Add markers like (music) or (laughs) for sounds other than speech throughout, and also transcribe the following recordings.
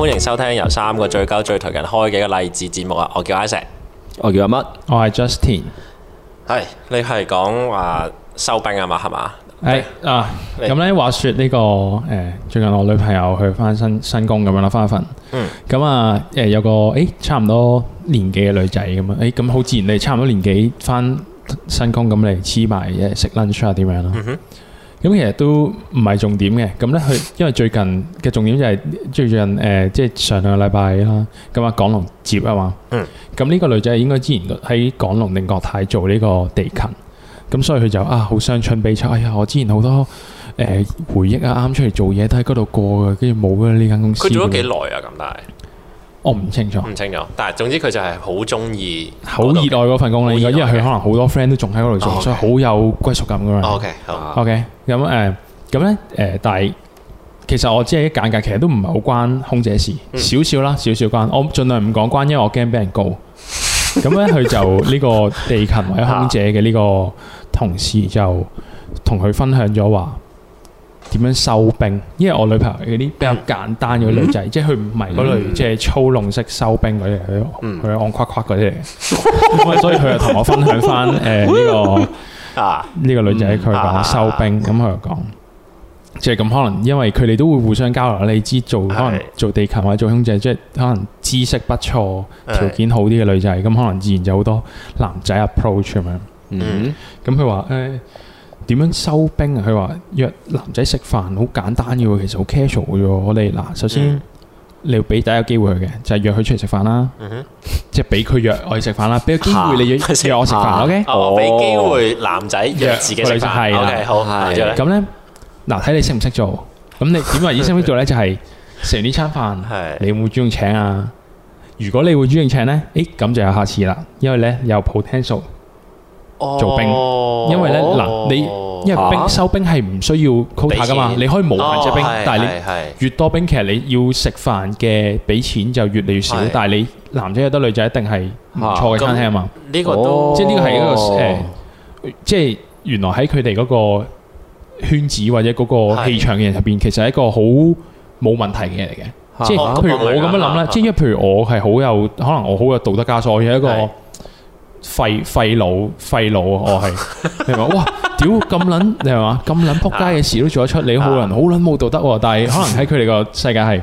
歡迎收聽由三個最高最台人開幾個例子節目啊！我叫阿 s e t 我叫阿乜，我係 Justin。係，你係講話收兵啊嘛？係嘛？誒啊！咁咧，話說呢、這個誒，最近我女朋友去返新新工咁樣啦，返一份。咁啊、嗯、誒、呃、有個誒、欸、差唔多年紀嘅女仔咁啊，誒咁好自然你差唔多年紀返新工咁你黐埋誒一齊食 lunch 啊，點樣咯？嗯、哼。咁其實都唔係重點嘅，咁咧佢因為最近嘅重點就係、是、最近誒，即、呃、係、就是、上兩個禮拜啦，咁啊港龍接啊嘛，咁呢、嗯、個女仔應該之前喺港龍定國泰做呢個地勤，咁所以佢就啊好傷春悲秋，哎呀我之前好多誒、呃、回憶啊，啱出嚟做嘢都喺嗰度過嘅，跟住冇咗呢間公司。佢做咗幾耐啊？咁大？我唔清楚，唔清楚。但係總之佢就係好中意，好熱愛嗰份工咯。應該，因為佢可能好多 friend 都仲喺嗰度做，哦、所以好有歸屬感噶嘛。OK，好。OK，咁誒，咁咧誒，但係其實我只係一簡介，其實都唔係好關空姐事，嗯、少少啦，少少關。我盡量唔講關，因為我驚俾人告。咁咧， (laughs) 佢就呢個地勤或者空姐嘅呢個同事就同佢分享咗話。點樣收兵？因為我女朋友嗰啲比較簡單嘅女仔，嗯、即係佢唔係嗰類，嗯、即係操弄式收兵嗰啲，佢係安誇誇嗰啲。咁所以佢就同我分享返誒呢個啊呢個女仔，佢話收兵。咁佢、啊、就講，即係咁可能因為佢哋都會互相交流，你知做可能做地勤或者做空姐，即、就、係、是、可能知識不錯、條件好啲嘅女仔，咁可能自然就好多男仔 approach 咁樣。嗯，咁佢話誒。嗯嗯嗯點樣收兵啊？佢話約男仔食飯好簡單嘅喎，其實好 casual 嘅喎。我哋嗱，首先你要俾第一個機會佢嘅，就係約佢出嚟食飯啦。嗯哼，即係俾佢約我去食飯啦，俾個機會你約我食飯，OK？哦，俾機會男仔約自己女仔。係啦，OK，好係。咁咧嗱，睇你識唔識做。咁你點話識唔識做咧？就係食完呢餐飯，你會唔會主動請啊？如果你會主動請咧，誒咁就有下次啦。因為咧有 potential。做兵，因為咧嗱，你因為兵收兵係唔需要 quota 噶嘛，你可以冇限制兵，但係你越多兵，其實你要食飯嘅俾錢就越嚟越少，但係你男仔有得女仔一定係唔錯嘅餐廳嘛。呢個都即係呢個係一個誒，即係原來喺佢哋嗰個圈子或者嗰個氣場嘅人入邊，其實係一個好冇問題嘅人嚟嘅。即係，譬如我咁樣諗啦，即係，因為譬如我係好有可能，我好有道德枷鎖嘅一個。廢廢佬廢佬哦係，啊、 (laughs) 明嘛？哇屌咁捻，你係嘛？咁捻？仆街嘅事都做得出，你好捻好捻，冇道德、啊，啊、但係可能喺佢哋個世界係，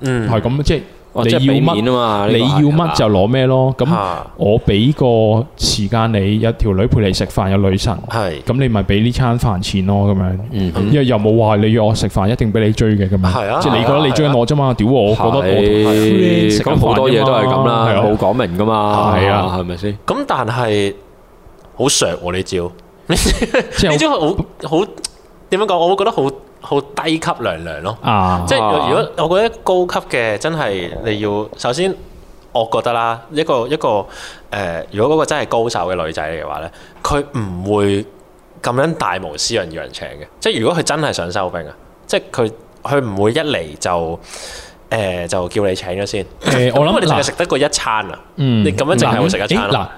嗯，係咁即係。你要乜，你要乜就攞咩咯。咁我俾個時間你，有條女陪你食飯，有女神。係咁你咪俾呢餐飯錢咯，咁樣。因為又冇話你約我食飯一定俾你追嘅咁樣。係啊，即係你覺得你追我啫嘛？屌我，我覺得我 friend 食咗好多嘢都係咁啦，好講明噶嘛。係啊，係咪先？咁但係好傻我你招，你招好好點樣講？我會覺得好。好低級娘娘咯，啊、即係如果我覺得高級嘅真係你要、啊、首先，我覺得啦，一個一個誒，如果嗰個真係高手嘅女仔嚟嘅話呢，佢唔會咁樣大無私咁要人請嘅，即係如果佢真係想收兵啊，即係佢佢唔會一嚟就誒、呃、就叫你請咗先，欸、我諗我哋淨係食得過一餐啊，呃、你咁樣淨係會食一餐。欸呃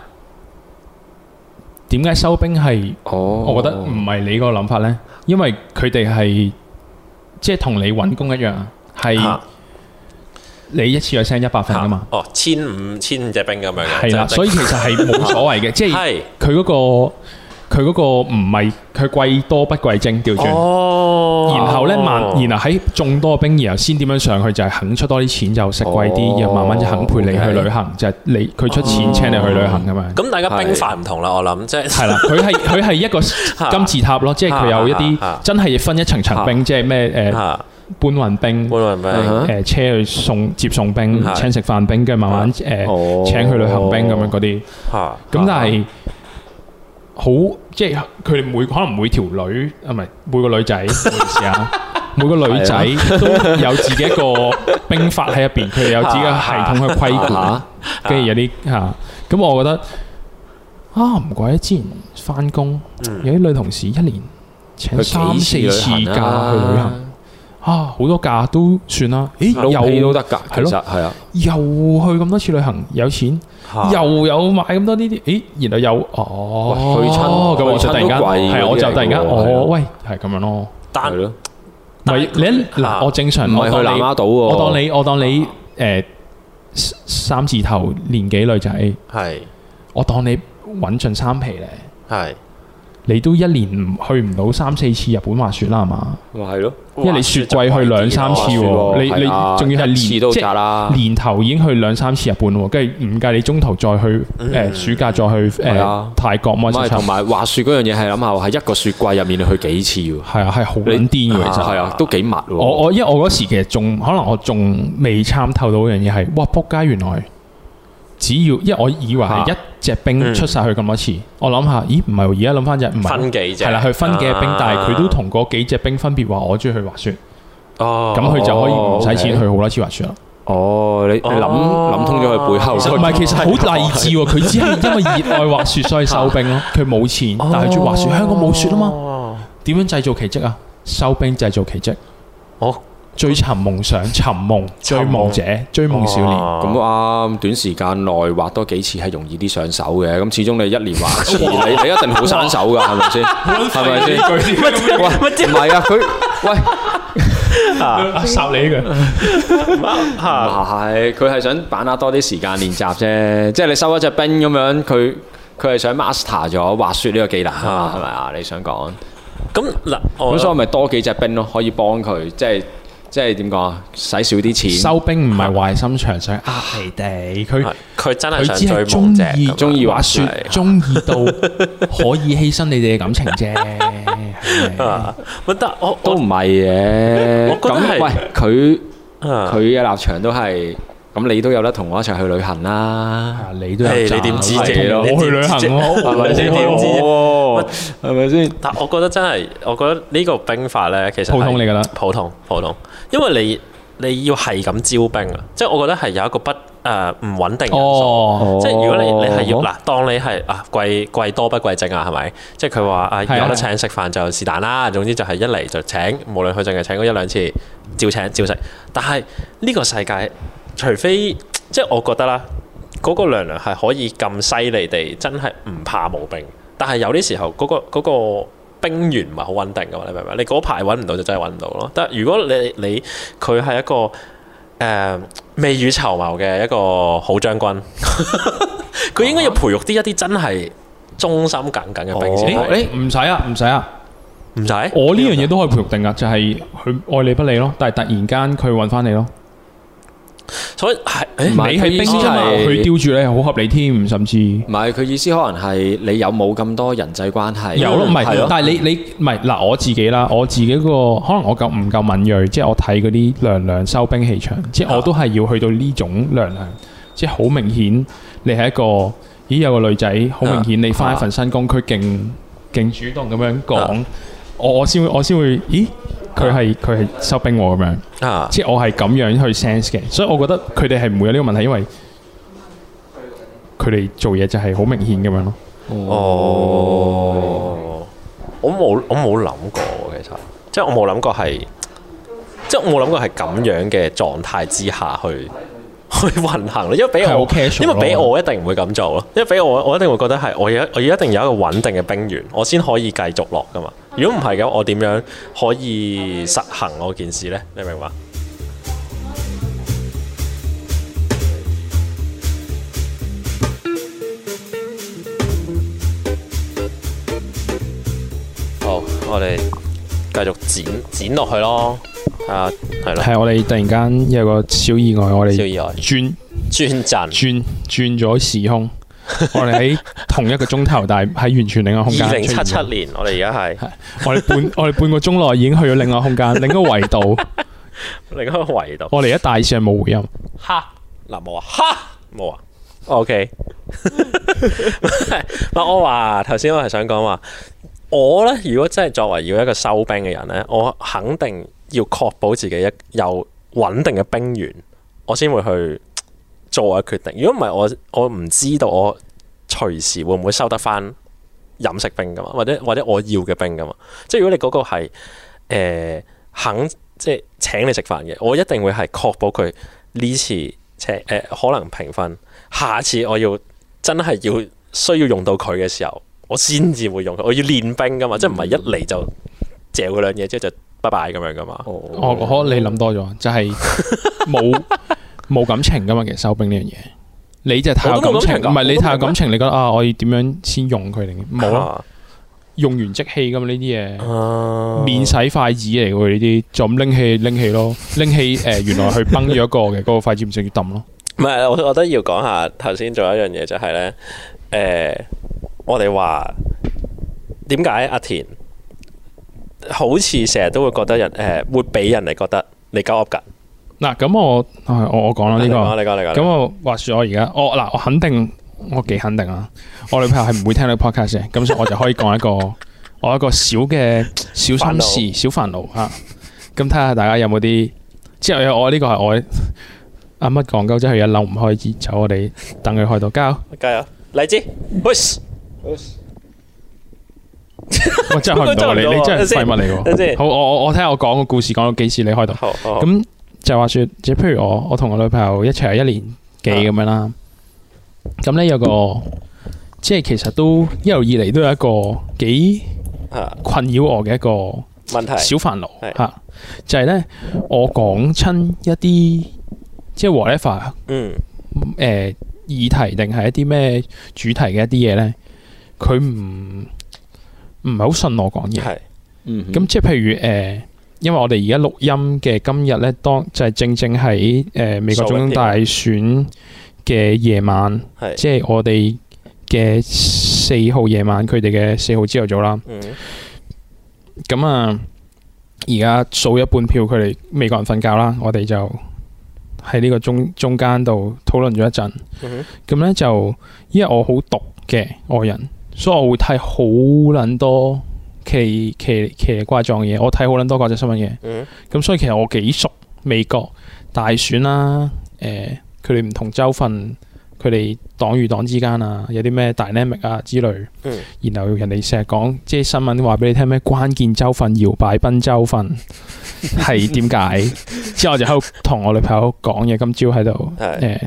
點解收兵係？Oh. 我覺得唔係你個諗法呢，因為佢哋係即係同你揾工一樣，係、啊、你一次 send 一百份啊嘛。哦，千五千隻兵咁樣嘅，係啦了。就是、所以其實係冇所謂嘅， (laughs) 即係佢嗰個。佢嗰個唔係佢貴多不貴精，調轉，然後咧慢，然後喺眾多兵，然後先點樣上去就係肯出多啲錢就食貴啲，然後慢慢就肯陪你去旅行，就係你佢出錢請你去旅行咁樣。咁大家兵法唔同啦，我諗即係。係啦，佢係佢係一個金字塔咯，即係佢有一啲真係分一層層兵，即係咩誒搬運兵、搬運兵誒車去送接送兵、請食飯兵，跟住慢慢誒請去旅行兵咁樣嗰啲。嚇咁但係。好，即係佢哋每可能每條女，啊唔係每個女仔，唔好意思啊，每個女仔都有自己一個兵法喺入邊，佢哋有自己系統嘅規矩，跟住 (laughs) 有啲吓，咁、 (laughs) 啊、我覺得啊唔怪得之前翻工、嗯、有啲女同事一年請三幾次、啊、四次假去旅行。啊，好多假都算啦。咦，老屁都得噶，係咯，係啊。又去咁多次旅行，有錢，又有買咁多呢啲，咦，然後又哦，去親哦，咁我就突然間，係我就突然間，哦，喂，係咁樣咯，係咯。喂，你嗱，我正常，我係去南丫島喎。我當你，我當你，誒，三字頭年紀女仔，係。我當你揾盡三皮咧，係。你都一年去唔到三四次日本滑雪啦，係嘛？哇，係咯，因為你雪季去兩三次，你、啊、你仲要係年即係年頭已經去兩三次日本喎，跟住唔計你中途再去誒、嗯呃、暑假再去誒、呃啊、泰國乜乜同埋滑雪嗰樣嘢係諗下係一個雪季入面去幾次喎？係啊，係好癲㗎，啊、其實係啊，都幾密喎。我我因為我嗰時其實仲可能我仲未參透到嗰樣嘢係，哇！撲街原來～原來只要，因為我以為係一隻兵出晒去咁多次，我諗下，咦唔係，而家諗翻隻唔係，係啦，佢分幾隻兵，但係佢都同嗰幾隻兵分別話我中意去滑雪，哦，咁佢就可以唔使錢去好多次滑雪啦。哦，你諗諗通咗佢背後，唔係其實好勵志喎，佢只係因為熱愛滑雪所以收兵咯，佢冇錢，但係佢中意滑雪，香港冇雪啊嘛，點樣製造奇蹟啊？收兵製造奇蹟，哦。追尋夢想，尋夢追夢者，追夢少年。咁都啱，短時間內滑多幾次係容易啲上手嘅。咁始終你一年滑一次，你你一定好散手㗎，係咪先？係咪先？唔係啊，佢喂殺你嘅，係佢係想把握多啲時間練習啫。即係你收一隻兵咁樣，佢佢係想 master 咗滑雪呢個技能啊？係咪啊？你想講咁嗱咁，所以咪多幾隻兵咯，可以幫佢即係。即係點講啊？使少啲錢，收兵唔係壞心腸，想壓你哋。佢佢真係佢只係中意中意滑雪，中意到可以犧牲你哋嘅感情啫。得，我都唔係嘅。咁喂，佢佢嘅立場都係咁，你都有得同我一齊去旅行啦。你都係你點知啫？我去旅行，或者點係咪先？但我覺得真係，我覺得呢個兵法呢，其實普通嚟噶啦，普通普通，普通。因為你你要係咁招兵啊，即係我覺得係有一個不誒唔、呃、穩定因素。哦、即係如果你你係要嗱，哦、當你係啊貴貴多不貴精啊，係咪？即係佢話啊，有得請食的飯就是但啦。總之就係一嚟就請，無論佢淨係請一兩次，照請照食。但係呢個世界，除非即係我覺得啦，嗰、那個娘娘係可以咁犀利地，真係唔怕冇兵。但係有啲時候，嗰、嗰個嗰個兵源唔係好穩定㗎嘛，你明唔明？你嗰排揾唔到就真係揾唔到咯。但係如果你你佢係一個誒、呃、未雨綢繆嘅一個好將軍，佢 (laughs) 應該要培育啲一啲真係忠心耿耿嘅兵士、哦欸。誒唔使啊，唔使啊，唔使用。我呢樣嘢都可以培育定㗎，就係、是、佢愛理不理咯。但係突然間佢揾翻你咯。所以係，你喺冰出嘛？佢吊住你，又好合理添，甚至唔係佢意思，可能係你有冇咁多人際關係？有咯，唔係，但係你你唔係嗱，我自己啦，我自己個可能我夠唔夠敏銳，即係我睇嗰啲娘娘收兵氣場，即係我都係要去到呢種娘娘，即係好明顯你係一個，咦，有個女仔，好明顯你翻一份新工，佢勁勁主動咁樣講，我我先會我先會，咦？佢係佢係收兵我咁樣，啊、即係我係咁樣去 sense 嘅，所以我覺得佢哋係唔會有呢個問題，因為佢哋做嘢就係好明顯咁樣咯。哦，哦是我冇我冇諗過其實，即係我冇諗過係，即係我冇諗過係咁樣嘅狀態之下去。去 (laughs) 運行，因為俾我，因為我，因為俾我一定唔會咁做咯。因為俾我，我一定會覺得係，我要我要一定要有一個穩定嘅兵員，我先可以繼續落㗎嘛。Okay. 如果唔係嘅，我點樣可以實行我件事呢？你明唔明嘛？好，我哋繼續剪剪落去咯。啊，係咯，係我哋突然間有個小意外，我哋轉轉陣，轉轉咗時空， (laughs) 我哋喺同一個鐘頭，但係完全另外空間。二零七七年，我哋而家係，我哋半我哋半個鐘內已經去咗另外空間，另一個維度， (laughs) 另一個維度。我哋一大上冇回音，哈嗱冇啊，哈冇啊、哦、，OK。嗱我話頭先，我係想講話，我咧如果真係作為要一個收兵嘅人咧，我肯定。要確保自己一有穩定嘅兵員，我先會去做我嘅決定。如果唔係，我我唔知道我隨時會唔會收得返飲食兵㗎嘛，或者或者我要嘅兵㗎嘛。即係如果你嗰個係、呃、肯即係請你食飯嘅，我一定會係確保佢呢次即係、呃、可能平分。下次我要真係要需要用到佢嘅時候，我先至會用佢。我要練兵㗎嘛，嗯、即係唔係一嚟就借佢兩嘢即係就。拜拜咁樣噶嘛？哦，可你諗多咗，就係冇冇感情噶嘛？其實收兵呢樣嘢，你就太有感情，唔係你太有感情，你覺得啊，我要點樣先用佢定冇？用完即棄噶嘛？呢啲嘢，免洗筷子嚟喎呢啲，就咁拎起拎起咯，拎起誒，原來去崩咗一個嘅嗰個筷子，唔至要抌咯。唔係，我我覺得要講下頭先仲有一樣嘢，就係咧，誒，我哋話點解阿田？好似成日都會覺得人誒，會俾人哋覺得你鳩噏噶。嗱，咁我我我講啦呢個，你講你講咁我話說我而家，我嗱，我肯定我幾肯定啊。 (laughs) 我女朋友係唔會聽呢個 podcast 嘅，咁所以我就可以講一個 (laughs) 我一個小嘅小心事、 (laughs) 煩惱小煩惱吓。咁睇下大家有冇啲之後有我呢個係我阿乜講鳩之後一諗唔開嘢，就我哋等佢開到加油！加油！加油荔枝！Push. 我 (laughs) 真係開唔到你， (laughs) 你，你真係廢物嚟嘅。等等好，我我我聽我講個故事，講到幾時你開到咁、哦、就話說，即係譬如我我同我女朋友一齊係一年幾咁樣啦。咁呢、啊，有個即係其實都一路以嚟都有一個幾困擾我嘅一個小煩、啊、問題，小煩惱吓就係、是、呢，我講親一啲即係 whatever 嗯誒、呃、議題定係一啲咩主題嘅一啲嘢呢，佢唔。唔係好信我講嘢，係，咁、嗯、即係譬如誒、呃，因為我哋而家錄音嘅今日呢，當就係、是、正正喺誒、呃、美國總統大選嘅夜晚，即係的我哋嘅四號夜晚，佢哋嘅四號朝頭早啦，嗯哼，咁啊，而家數一半票，佢哋美國人瞓覺啦，我哋就喺呢個中中間度討論咗一陣，咁呢、嗯哼，就因為我好毒嘅外人。所以我會睇好撚多奇奇，奇奇怪狀嘅嘢，我睇好撚多國際新聞嘢。咁、嗯、所以其實我幾熟美國大選啦，啊，佢哋唔同州份。佢哋黨與黨之間啊，有啲咩 dynamic 啊之類，嗯、然後人哋成日講，即係新聞話俾你聽咩關鍵州份搖擺賓州份係點解？ (laughs) 之後我就喺度同我女朋友講嘢，今朝喺度誒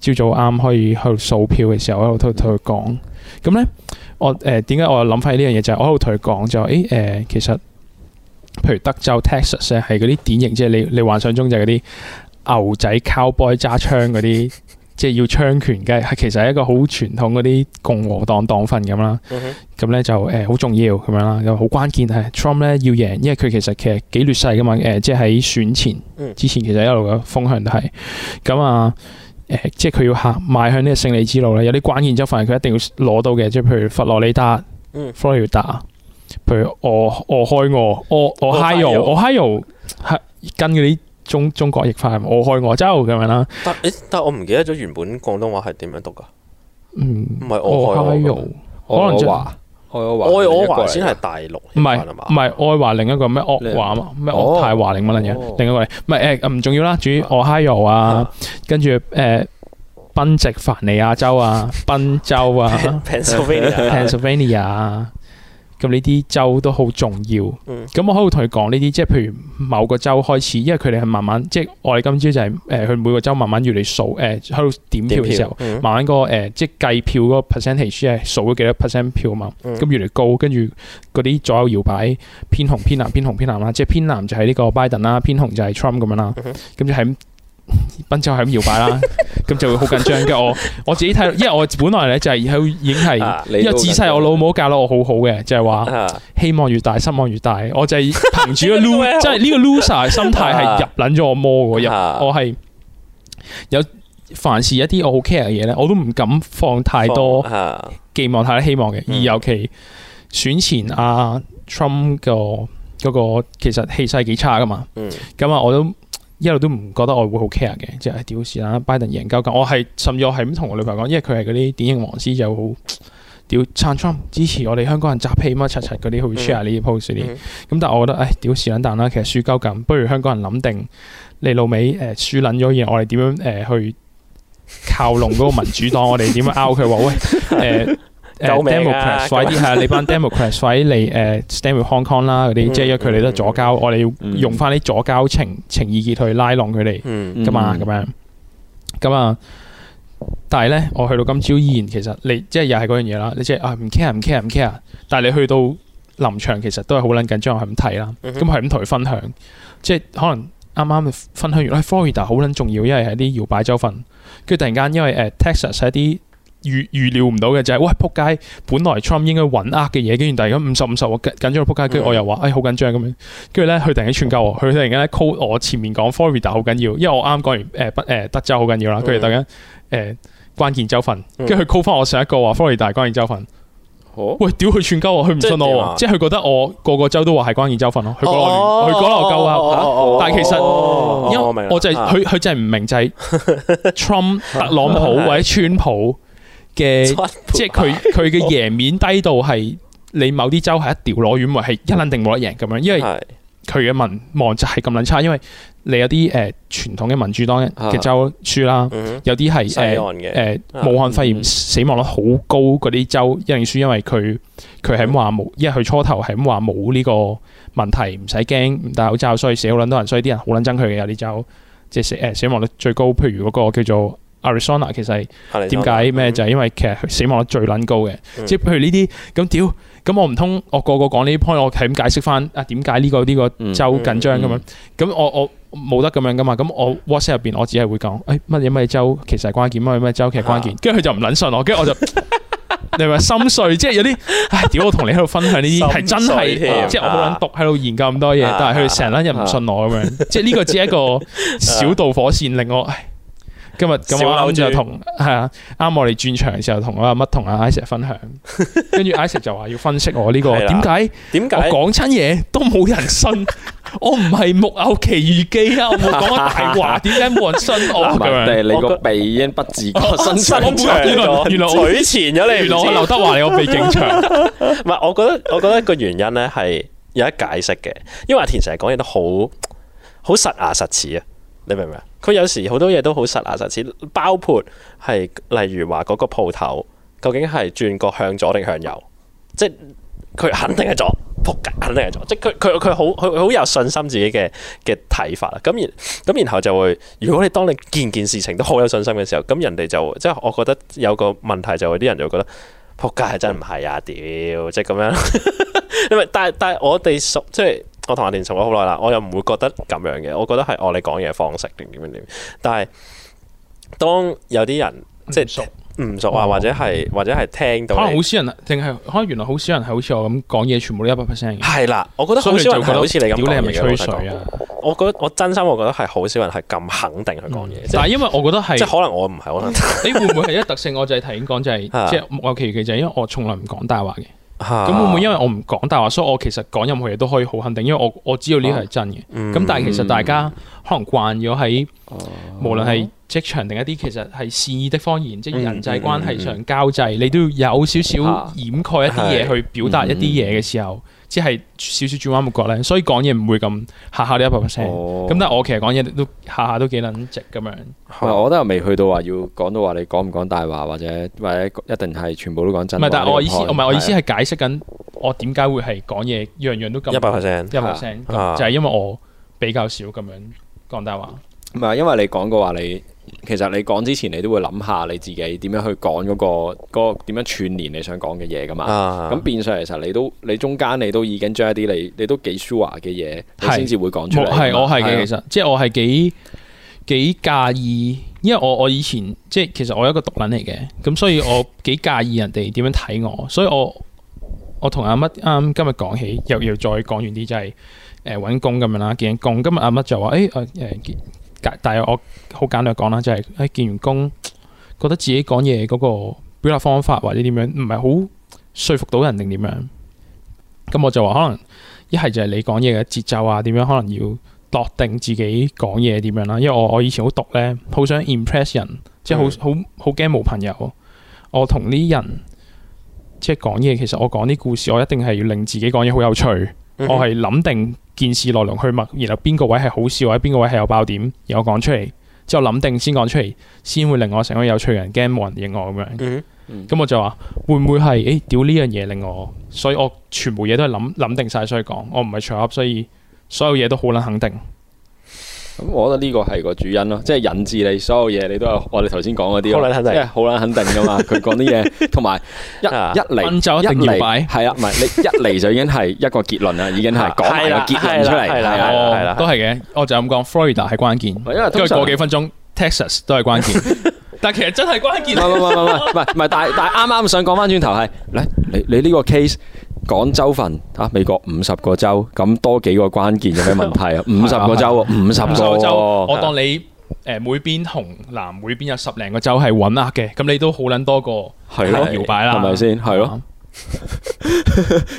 朝早啱是的、呃、可以去數票嘅時候，喺度同佢講。咁咧，我誒點解我諗翻起呢樣嘢就係、是、我喺度同佢講就誒誒，其實譬如德州 Texas 啊，係嗰啲典型，即、就、係、是、你你幻想中就係嗰啲牛仔 cowboy 揸槍嗰啲。 (laughs) 即係要槍權嘅，係其實係一個好傳統嗰啲共和黨黨份咁啦。咁咧、嗯、哼就誒好重要咁樣啦，又好關鍵係 Trump 咧要贏，因為佢其實其實幾劣勢噶嘛。誒即係喺選前之前其實一路嘅風向都係咁啊。誒即係佢要行邁向呢個勝利之路咧，有啲關鍵州份佢一定要攞到嘅，即係譬如佛羅里達、嗯、佛羅里達，譬如俄俄亥俄、俄俄亥俄、俄亥俄係根據啲。中中國譯法係俄亥俄州，咁樣啦，但誒但係我唔記得咗原本廣東話係點樣讀噶，嗯，唔係愛可能愛愛華，愛華先係大陸，唔係唔係愛華，另一個咩惡華嗎？咩惡泰華定乜嘢？另一個唔係誒，唔重要啦，主要俄亥俄啊，跟住誒賓夕凡尼亞州啊，賓州啊，Pennsylvania，Pennsylvania 啊。咁呢啲州都好重要，咁、嗯、我可以同佢講呢啲，即係譬如某個州開始，因為佢哋係慢慢，即係我哋今朝就係、是、誒，佢、呃、每個州慢慢越嚟數，誒喺度點票嘅時候，嗯、慢慢嗰個誒，即係計票嗰個 percentage 係數咗幾多 percent 票啊嘛，咁越嚟高，跟住嗰啲左右搖擺，偏紅偏藍偏紅偏藍啦，即係偏藍就係呢個拜登啦，偏紅就係 Trump 咁樣啦，咁、嗯、哼就喺、是。奔之後係咁搖擺啦，咁就， (laughs) 就會好緊張。咁我我自己睇，因為我本來咧就係係已經係，啊、因為自細我老母教得我好好嘅，就係、係、話希望越大，失望越大。我就係憑住個 loser，即係呢個 loser 心態係入捻咗我魔嗰日，啊啊、我係有凡事一啲我好 care 嘅嘢咧，我都唔敢放太多寄望，啊、太多希望嘅。而尤其選前啊，Trump，嗰個嗰個其實氣勢幾差噶嘛，咁啊我都。嗯一路都唔覺得我會好 care 嘅，即係屌事啦，拜登贏交咁，我係甚至我係咁同我女朋友講，因為佢係嗰啲典型黃絲，就好屌撐 Trump 支持我哋香港人集氣乜柒柒嗰啲，去 share 呢啲 post 啲。咁但係我覺得，唉，屌事撚但啦，其實輸交咁，不如香港人諗定你老味誒輸撚咗嘢，我哋點樣誒去靠攏嗰個民主黨，我哋點樣拗佢話喂誒？誒 Democrat 快啲係啊！你班 Democrat 喺嚟誒 Stand with Hong Kong 啦嗰啲，即係佢哋都係左膠，嗯、我哋用翻啲左膠情情意結去拉攏佢哋噶嘛咁樣咁啊！但係咧，我去到今朝依然其實你即係又係嗰樣嘢啦，你即係啊唔 care 唔 care 唔 care，但係你去到臨場其實都係好撚緊張，係咁睇啦，咁係咁同佢分享，即係可能啱啱分享完，係 Florida 好撚重要，因為係啲搖擺州份，跟住突然間因為誒 Texas 喺啲。預預料唔到嘅就係，喂，撲街！本來 Trump 應該穩呃嘅嘢，竟然突然間五十五十，緊緊張到撲街。跟住我又話，哎，好緊張咁樣。跟住咧，佢突然間串交我，佢突然間 call 我前面講 Florida 好緊要，因為我啱講完誒不德州好緊要啦。跟住突然間誒關鍵州份，跟住佢 call 翻我上一個話 Florida 關鍵州份。喂，屌佢串交我，佢唔信我，即係佢覺得我個個州都話係關鍵州份咯。佢哦哦哦哦啊。但哦其哦哦哦哦哦哦哦哦哦哦哦哦哦哦哦哦哦哦哦哦哦哦哦哦哦嘅，即係佢佢嘅贏面低到係你某啲州係一條攞完，係 (laughs) 一撚定冇得贏咁樣，因為佢嘅民望就係咁撚差，因為你有啲誒傳統嘅民主黨嘅州輸啦，啊、有啲係誒誒武漢肺炎死亡率好高嗰啲州一定輸，因為佢佢係咁話冇，因為佢初頭係咁話冇呢個問題，唔使驚，唔戴口罩，所以死好撚多人，所以啲人好撚憎佢嘅有啲州，即係死誒死亡率最高，譬如嗰個叫做。Arizona 其實係點解咩就係因為其實死亡率最撚高嘅，即係譬如呢啲咁屌咁我唔通我個個講呢啲 point，我係咁解釋翻啊點解呢個呢個州緊張咁樣？咁我我冇得咁樣噶嘛？咁我 WhatsApp 入邊我只係會講誒乜嘢乜嘢州其實係關鍵乜嘢乜嘢州其實關鍵，跟住佢就唔撚信我，跟住我就你話心碎，即係有啲唉屌我同你喺度分享呢啲係真係，即係我冇撚讀喺度研究咁多嘢，但係佢哋成撚日唔信我咁樣，即係呢個只係一個小導火線令我。今日咁啱，就同係啊，啱我哋轉場嘅時候，同阿乜同阿 Isa 分享，跟住 Isa 就話要分析我呢個點解？點解我講親嘢都冇人信？我唔係木偶奇遇記啊！我冇講大話，點解冇人信我咁樣？你個鼻已經不自覺伸伸長咗，原來取錢咗你。原來劉德華你個鼻勁長。唔係，我覺得我覺得個原因咧係有得解釋嘅，因為阿田成日講嘢都好好實牙實齒啊，你明唔明啊？佢有時好多嘢都好實牙實齒，包括係例如話嗰個鋪頭究竟係轉角向左定向右，即係佢肯定係左，撲街肯定係左，即係佢佢佢好佢好有信心自己嘅嘅睇法啦。咁然咁然後就會，如果你當你件件事情都好有信心嘅時候，咁人哋就即係我覺得有個問題就會啲人就會覺得撲街係真唔係啊屌、就是！ (laughs) 即係咁樣，因為但係但係我哋熟即係。我同阿田熟咗好耐啦，我又唔會覺得咁樣嘅，我覺得係我哋講嘢方式點點點，但係當有啲人即係唔熟啊，熟或者係、嗯、或者係聽到，可能好少人定係可能原來好少人係好似我咁講嘢全部都一百 percent。係啦，我覺得好少人好所以就覺得好似你咁樣嘅。我覺得我真心，我覺得係好少人係咁肯定去講嘢。但係因為我覺得係，即可能我唔係，可能、嗯、你會唔會係一特性？ (laughs) 我就係提醒講就係、是， (laughs) 即係我奇餘就係因為我從來唔講大話嘅。咁會唔會因為我唔講大話，所以我其實講任何嘢都可以好肯定，因為我我知道呢個係真嘅。咁、啊嗯、但係其實大家可能慣咗喺、嗯、無論係職場定一啲，其實係善意的謊言，嗯、即係人際關係上交際，嗯嗯、你都要有少少掩蓋一啲嘢去表達一啲嘢嘅時候。嗯嗯嗯即係少少轉彎抹角咧，所以講嘢唔會咁下下都一百 percent。咁、哦、但係我其實講嘢都下下都幾撚直咁樣。係、哦，我都又未去到話要講到話你講唔講大話，或者或者一定係全部都講真。唔係，但係我意思，唔係是的我意思係解釋緊我點解會係講嘢樣樣都咁一百 percent，一百 percent，就係因為我比較少咁樣講大話。唔係、啊，啊啊、因為你講過話你。其實你講之前，你都會諗下你自己點樣去講嗰、那個嗰點、那個、樣串聯你想講嘅嘢噶嘛？咁、啊、變相，其實你都你中間你都已經將一啲你你都幾 sure 嘅嘢，先至會講出嚟。係我係嘅，其實即係我係幾幾介意，因為我我以前即係其實我有一個毒撚嚟嘅，咁所以我幾介意人哋點樣睇我， (laughs) 所以我我同阿乜啱今日講起，又要再講完啲、就是，就係誒搵工咁樣啦，見工。今日阿乜就話誒誒。欸欸呃欸呃嗯嗯但係我好簡略講啦，就係喺見員工，覺得自己講嘢嗰個表達方法或者點樣，唔係好說服到人定點樣。咁我就話可能一係就係你講嘢嘅節奏啊，點樣可能要落定自己講嘢點樣啦。因為我我以前好毒咧，好想 impress 人，即係好好好驚冇朋友。我同啲人即係講嘢，其實我講啲故事，我一定係要令自己講嘢好有趣，我係諗定。件事來龍去脈，然後邊個位係好笑，或者邊個位係有爆點，然後講出嚟，之後諗定先講出嚟，先會令我成個有趣人驚冇人認我咁樣。咁、嗯嗯、我就話會唔會係誒屌呢樣嘢令我，所以我全部嘢都係諗諗定晒所以講，我唔係隨口，所以所有嘢都好撚肯定。咁我覺得呢個係個主因咯，即係引致你所有嘢，你都係我哋頭先講嗰啲，即係好難肯定噶嘛。佢講啲嘢，同埋一一嚟，一嚟，係啊，唔係你一嚟就已經係一個結論啦，已經係講完個結論出嚟，係啦，係啦，都係嘅。我就咁講，Florida 係關鍵，因為都係過幾分鐘，Texas 都係關鍵，但係其實真係關鍵，唔唔唔唔唔唔唔，但係但係啱啱想講翻轉頭係，嚟你你呢個 case。廣州份啊，美國五十個州，咁多幾個關鍵有咩問題啊？五十個州，五十個州，我當你誒每邊紅藍每邊有十零個州係穩壓嘅，咁你都好捻多過係搖擺啦，係咪先？係咯，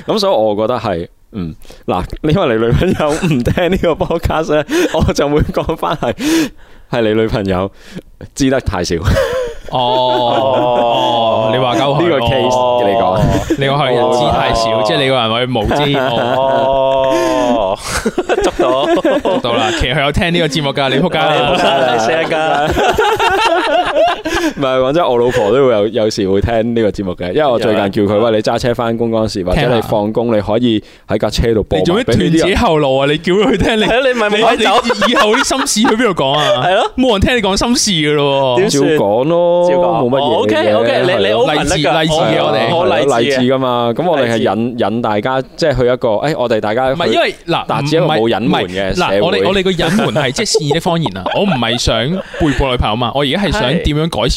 咁所以我覺得係，嗯，嗱，你因為你女朋友唔聽呢個 podcast，我就會講翻係係你女朋友知得太少。 (laughs) 哦，你話夠好呢個 case，哦、你講說、哦，你話係人知太少，即係你話係咪冇知哦，捉到，捉到啦，其實有聽呢個節目噶，你仆街，啊，你仆晒啦，聲噶。啊 (laughs) 唔係，或者我老婆都會有有時會聽呢個節目嘅，因為我最近叫佢話你揸車翻工嗰時，或者你放工你可以喺架車度播，斷子後路啊！你叫佢去聽你，你咪咪走？以後啲心事去邊度講啊？係咯，冇人聽你講心事嘅咯。照講咯，冇乜嘢。O K O K，你你好勵志，我哋我哋好勵志㗎嘛。咁我哋係引引大家，即係去一個，誒，我哋大家唔係因為嗱，唔係唔係嗱，我哋我哋個隱瞞係善意嘅方言啊！我唔係想背叛女朋友嘛，我而家係想點樣改善。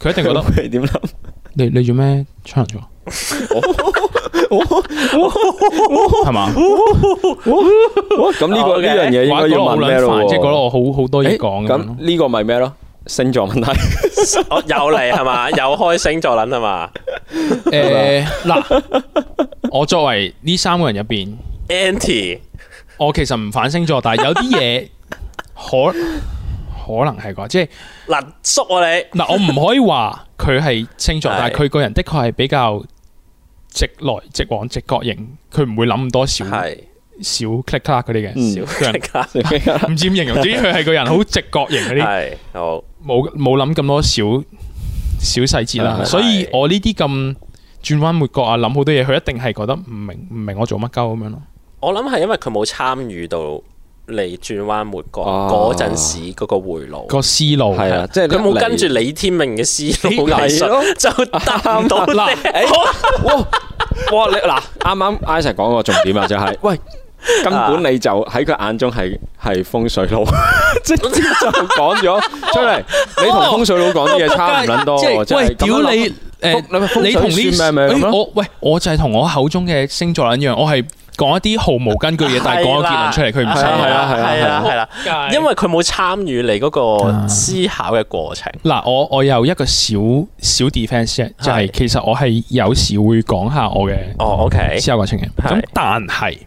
佢一定覺得佢點諗？你你做咩？雙魚座係嘛？咁呢個呢樣嘢應該要問咩咯？即係覺得我好好多嘢講。咁呢個咪咩咯？星座問題，又嚟係嘛？又開星座撚係嘛？誒嗱，我作為呢三個人入邊 anti，我其實唔反星座，但係有啲嘢可。可能係啩，即係嗱，叔你嗱，我唔 (laughs) 可以話佢係清楚，是但係佢個人的確係比較直來直往直、直覺型，佢唔會諗咁多少小 click 卡嗰啲嘅，唔知點形容，主要係佢係個人直好直覺型嗰啲，我冇冇諗咁多小小細節啦，是所以我呢啲咁轉彎抹角啊，諗好多嘢，佢一定係覺得唔明唔明我做乜鳩咁樣咯。我諗係因為佢冇參與到。嚟轉彎抹角嗰陣時，嗰個回路個思路係啊，即係佢冇跟住李天命嘅思路，就淡到嗱，哇哇你嗱，啱啱阿成講個重點啊，就係喂，根本你就喺佢眼中係係風水佬，即係就講咗出嚟，你同風水佬講啲嘢差唔撚多，即係屌你。誒，你同呢咁我喂，我就係同我口中嘅星座一樣，我係講一啲毫無根據嘅，但係講個結論出嚟，佢唔參與，係啊係啊係啦，因為佢冇參與你嗰個思考嘅過程。嗱，我我有一個小小 defense 就係其實我係有時會講下我嘅哦，OK 思考過程嘅，咁但係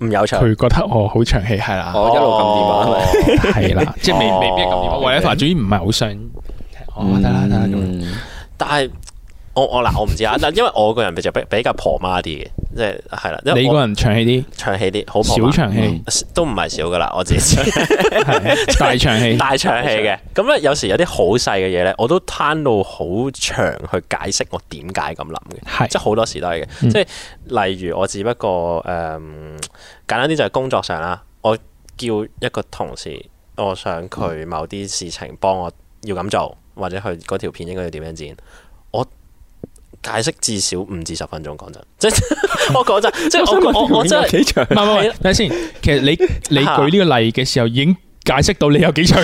唔有錯，佢覺得我好長氣係啦，我一路撳電話係啦，即係未未必撳電話，或者話主唔係好信。哦得啦得啦。但係我我嗱我唔知啊，嗱因為我個人就比比較婆媽啲嘅，即係係啦。因為你個人長氣啲，長氣啲，好少長氣，都唔係少噶啦。我自己大長氣，大長氣嘅。咁咧有時有啲好細嘅嘢咧，我都攤到好長去解釋我點解咁諗嘅，的即係好多時都係嘅。嗯、即係例如我只不過誒、嗯、簡單啲就係工作上啦，我叫一個同事，我想佢某啲事情幫我要咁做。或者佢嗰條片應該要點樣剪？我解釋至少五至十分鐘，講真，我 (laughs) 我釋即係我講真，即係 (laughs) 我我我真係唔係唔係，睇先。 (laughs) 其實你你舉呢個例嘅時候，已經解釋到你有幾長。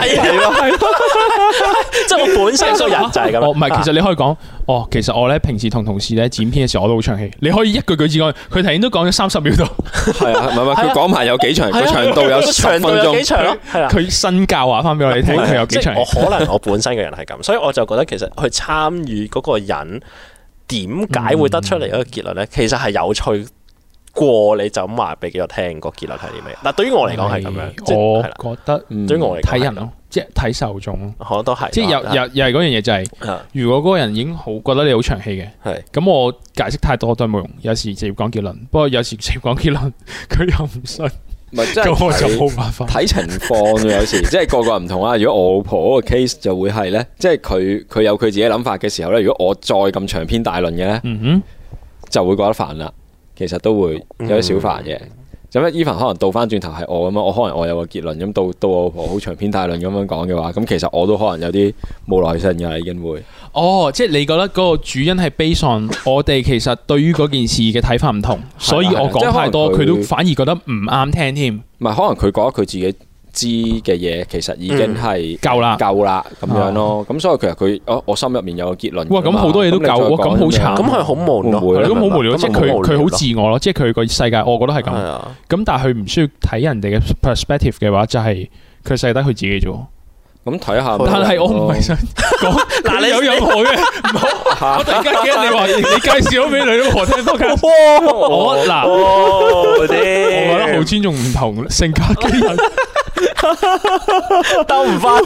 本身個人就係咁，哦，唔係，其實你可以講，哦，其實我咧平時同同事咧剪片嘅時候，我都好長氣。你可以一句句子講，佢頭先都講咗三十秒度，係啊，唔係佢講埋有幾長，佢長度有十分鐘，有幾長咯，係啦，佢新教話翻俾我哋聽，佢有幾長。我可能我本身嘅人係咁，所以我就覺得其實去參與嗰個人，點解會得出嚟嗰個結論咧？其實係有趣過，你就咁話俾我聽個結論係啲咩？嗱，對於我嚟講係咁樣，我覺得對於我嚟睇人咯。即係睇受眾咯，我、哦、都係，即係又又係嗰樣嘢就係、是，嗯、如果嗰個人已經好覺得你好長氣嘅，咁是我解釋太多都冇用。有時直接講結論，不過有時直接講結論佢又唔信，咁、嗯、 (laughs) 我就冇辦法睇情況，有時即係個個唔同啊。如果我老婆個 case 就會係呢，即係佢佢有佢自己諗法嘅時候呢。如果我再咁長篇大論嘅咧，嗯、哼就會覺得煩啦。其實都會有啲小煩嘅。嗯就咩？伊凡可能倒翻轉頭係我咁啊！我可能我有個結論咁，到到我婆好長篇大論咁樣講嘅話，咁其實我都可能有啲無耐性㗎，已經會。哦，即係你覺得嗰個主因係悲傷，我哋其實對於嗰件事嘅睇法唔同，所以我講太多，佢、啊啊、都反而覺得唔啱聽添。唔係，可能佢覺得佢自己。知嘅嘢其實已經係夠啦，夠啦咁樣咯。咁所以其實佢，我心入面有個結論。哇，咁好多嘢都夠，咁好慘，咁係好無聊，咁好無聊。即係佢佢好自我咯。即係佢個世界，我覺得係咁。咁但係佢唔需要睇人哋嘅 perspective 嘅話，就係佢世界佢自己做。咁睇下，但係我唔係想講。嗱，你有樣好嘅唔好？我突然間記得你話你介紹俾女巫婆聽方家。我嗱啲，我覺得好尊重唔同性格嘅人。兜唔翻？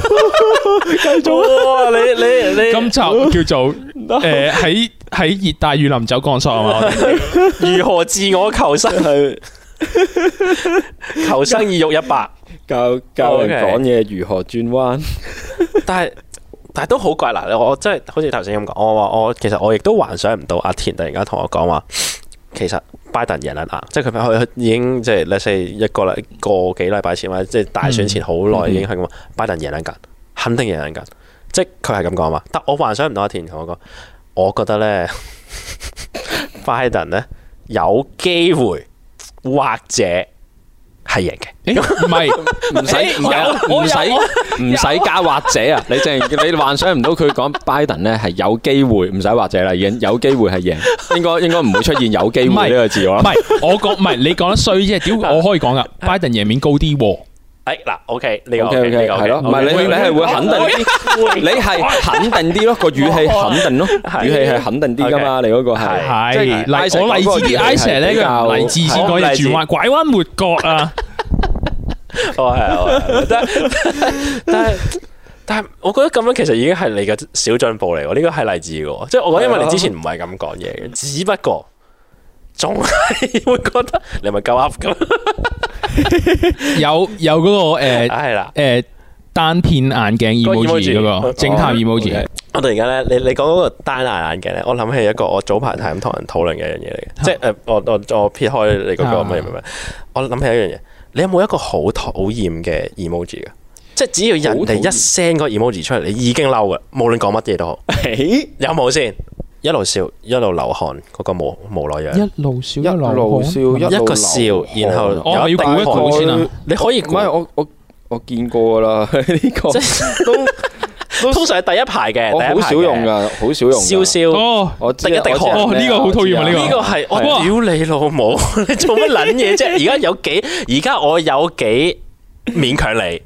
繼續喎！你你你今集叫做誒喺喺熱帶雨林走鋼索嘛？ (laughs) 如何自我求生？ (laughs) 求生意欲一百，教教人講嘢如何轉彎 Okay. (laughs) 但係但係都好怪嗱，我真係好似頭先咁講，我話我其實我亦都幻想唔到阿田突然間同我講話，其實。拜登贏撚梗，即係佢翻已經即係你 a 一個禮個幾禮拜前或者即係大選前好耐已經係咁話，嗯、拜登贏撚梗，肯定贏撚梗，即係佢係咁講嘛。但我幻想唔到阿田同我講，我覺得咧， (laughs) 拜登咧有機會或者。係贏嘅，唔係唔使唔有唔使唔使加或者啊，你淨你幻想唔到佢講拜登咧係有機會，唔使或者啦，已經有機會係贏，應該應該唔會出現有機會呢 (laughs) 是個字我唔係， (laughs) 我講唔係你講得衰啫，屌我可以講噶， (laughs) 拜登贏面高啲喎，啊。誒，嗱，OK，呢個係咯，唔係你你係會肯定啲，你係肯定啲咯，個語氣肯定咯，語氣係肯定啲噶嘛，你嗰個係係，例我例子啲 Isher 咧，例子先可以轉彎拐彎抹角啊，係啊，但係但係，我覺得咁樣其實已經係你嘅小進步嚟，呢個係例子噶，即係我講，因為你之前唔係咁講嘢嘅，只不過。仲係會覺得你咪夠 up 噶？有有、那、嗰個誒係啦，誒、呃啊呃、單片眼鏡 emoji 嗰、那個偵、嗯、探 emoji。哦 okay。我突然間咧，你你講嗰個單眼眼鏡咧，我諗起一個我早排係咁同人討論嘅一樣嘢，嚟嘅。 (laughs) 即係誒、呃，我我我撇開你嗰個，明唔明？我諗起一樣嘢，你有冇一個好討厭嘅 emoji 噶？即係只要人哋一 send 個 emoji 出嚟，你已經嬲噶無論講乜嘢都好。 (laughs) (laughs) 有冇先？一路笑一路流汗，嗰個無無奈樣。一路笑一路笑，一個笑然後又滴汗先啊！你可以唔係我我我見過噶啦呢個。即係都通常係第一排嘅。我好少用噶，好少用。笑笑哦，滴一滴汗哦，呢個好討厭啊！呢個呢個係我屌你老母，你做乜撚嘢啫？而家有幾？而家我有幾勉強你。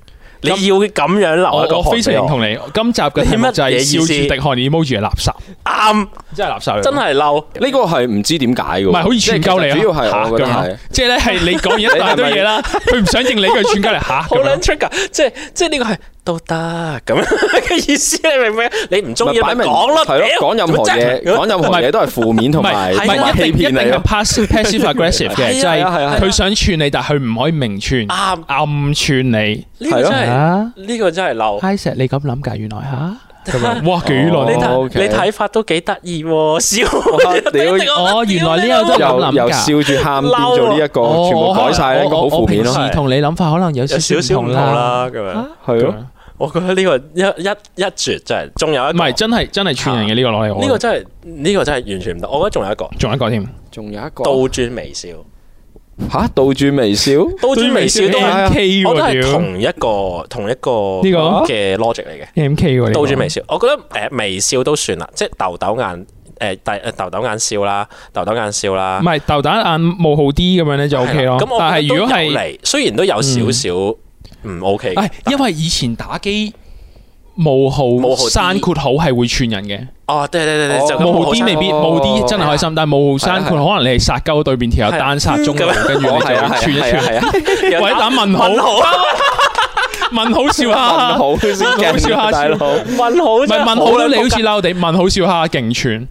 你要咁樣留一個我非常認同你。今集嘅題目就係笑住滴汗，你踎住垃圾。啱，真係垃圾，真係嬲。呢個係唔知點解嘅，唔係好易串交嚟。主要係我覺得係，即係咧，係你講完一大堆嘢啦，佢唔想認你，佢串交嚟嚇。好撚出噶，即係即係呢個係。都得咁嘅意思，你明唔明？你唔中意擺明講咯，係咯，講任何嘢，講任何嘢都係負面同埋欺騙嚟嘅。係咪一定一定嘅 passive passive aggressive 嘅？即係佢想串你，但係佢唔可以明串，暗暗串你。呢個真係呢個真係嬲！Hi 石，你咁諗㗎？原來嚇，哇！原來你睇法都幾得意喎，笑你哦！原來呢個都有有笑住喊變做呢一個，全部改曬一個好負面咯。同你諗法可能有少少唔同啦，係咯。我覺得呢個一一一絕，即係仲有一，唔係真係真係串人嘅呢個攞嚟，我呢個真係呢個真係完全唔得。我覺得仲有一個，仲有一個添，仲有一個倒轉微笑。吓，倒轉微笑，倒轉微笑都 MK 喎，都係我覺得同一個同一個嘅 logic 嚟嘅。MK 倒轉微笑，我覺得誒微笑都算啦，即係豆豆眼誒豆豆眼笑啦，豆豆眼笑啦。唔係豆豆眼冇好啲咁樣咧就 OK 咯。咁我但如果係雖然都有少少。唔 OK。係因為以前打機，冒號山括好係會串人嘅。哦，對對對對，冇啲未必，冇啲真係開心。但係冒號山括可能你係殺鳩對面條友單殺中路，跟住你就串一串。鬼打問號，問號笑下，問號笑下，問號笑下，大佬問號就問號，你好似嬲哋，問號笑下勁串。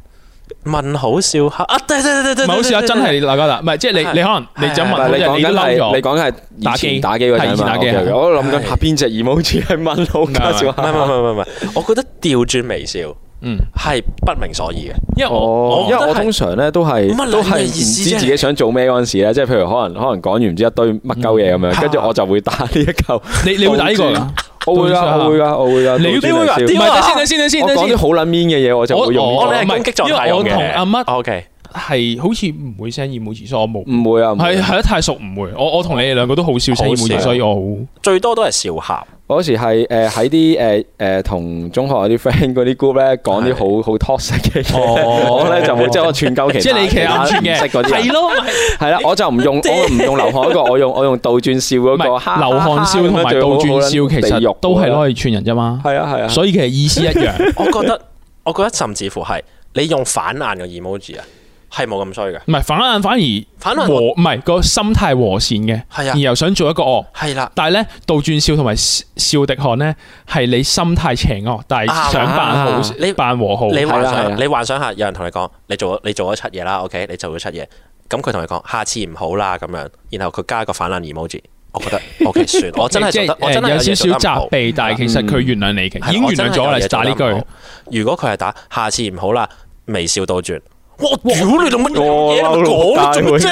問好笑客啊！對對對對，唔好笑客真係難搞啦。唔係即係你你可能你想問，你講緊你講緊係以前打機打機打機，我諗緊下邊隻 emoji 好似係問好搞笑客。唔係唔係唔係我覺得調轉微笑，嗯，係不明所以嘅。因為我因為我通常咧都係都係唔知自己想做咩嗰陣時咧，即係譬如可能可能講完唔知一堆乜鳩嘢咁樣，跟住我就會打呢一嚿，你你會打呢個噶？我會啦，我會啦，我會啦。你你會話、啊、呢個？我講啲好捻 mean 嘅嘢，我就唔用。因為我我你係攻擊作用嘅。O K 係好似唔會 send emoji 唔會詞，所以我冇。唔會啊，係係得太熟，唔會。我我同你哋兩個都好少 send emoji， (laughs) 所以我好最多都係笑下。嗰時係喺啲誒誒同中學嗰啲 friend 嗰啲 group 咧，講啲好好 toxic 嘅嘢，我咧就會即係我串鳩其他顏色嗰啲，係咯，係啦，我就唔用，我唔用流汗嗰個，我用我用倒轉笑嗰個，流汗笑同埋倒轉笑其實都係可以串人啫嘛，係啊係啊，所以其實意思一樣。我覺得我覺得甚至乎係你用反顏嘅 emoji 啊。係冇咁衰嘅，唔係反冷反而和，唔係個心態和善嘅，係啊，而又想做一個哦，係啦。但係咧，倒轉笑同埋笑滴汗咧，係你心態邪惡，但係想扮好，你扮和好。你幻想，你幻想下，有人同你講，你做咗你做咗七嘢啦，OK，你做咗七嘢，咁佢同你講，下次唔好啦咁樣，然後佢加個反冷 emoji，我覺得 OK，算，我真係我真係有少少責備，但係其實佢原諒你嘅，已經原諒咗你。打呢句，如果佢係打下次唔好啦，微笑倒轉。我屌你做乜嘢唔講咧？做咩啫？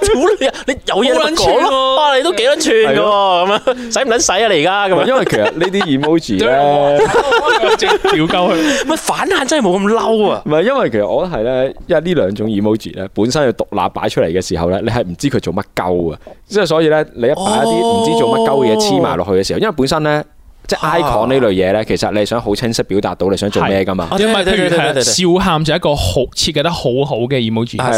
屌你啊！你有嘢講咯，哇！你都幾得寸噶喎，咁啊，使唔捻使啊你而家？咁啊，因為其實呢啲 emoji 咧，整調鳩佢。乜反眼真係冇咁嬲啊？唔係，因為其實我係咧，因為呢兩種 emoji 咧，本身要獨立擺出嚟嘅時候咧，你係唔知佢做乜鳩啊。即係所以咧，你一擺一啲唔知做乜鳩嘅嘢黐埋落去嘅時候，因為本身咧。即係 icon 呢類嘢咧，其實你係想好清晰表達到你想做咩㗎嘛？因為譬如係笑喊就係一個設好設計得好好嘅 emoji，係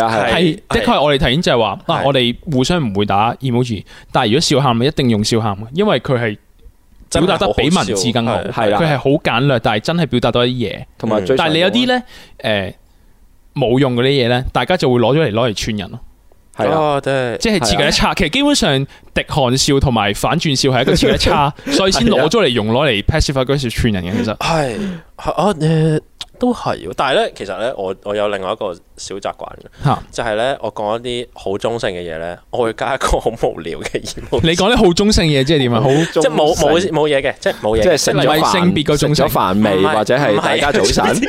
的確係我哋頭先就係話，我哋互相唔會打 emoji，但係如果笑喊咪一定用笑喊，因為佢係表達得比文字更好，佢係好對對對對簡略，但係真係表達到一啲嘢。同埋、嗯，但係你有啲咧，誒冇、嗯、用嗰啲嘢咧，大家就會攞咗嚟攞嚟串人咯。係，即係設計一叉。其實基本上，滴汗笑同埋反轉笑係一個設計一叉，所以先攞咗嚟用，攞嚟 passive aggressive 嗰串人嘅。其實係啊，誒都係。但係咧，其實咧，我我有另外一個小習慣嘅，就係咧，我講一啲好中性嘅嘢咧，我會加一個好無聊嘅嘢。你講啲好中性嘅嘢即係點啊？好即係冇冇冇嘢嘅，即係冇嘢。即係成咗性別個中性，成凡味或者係大家早晨。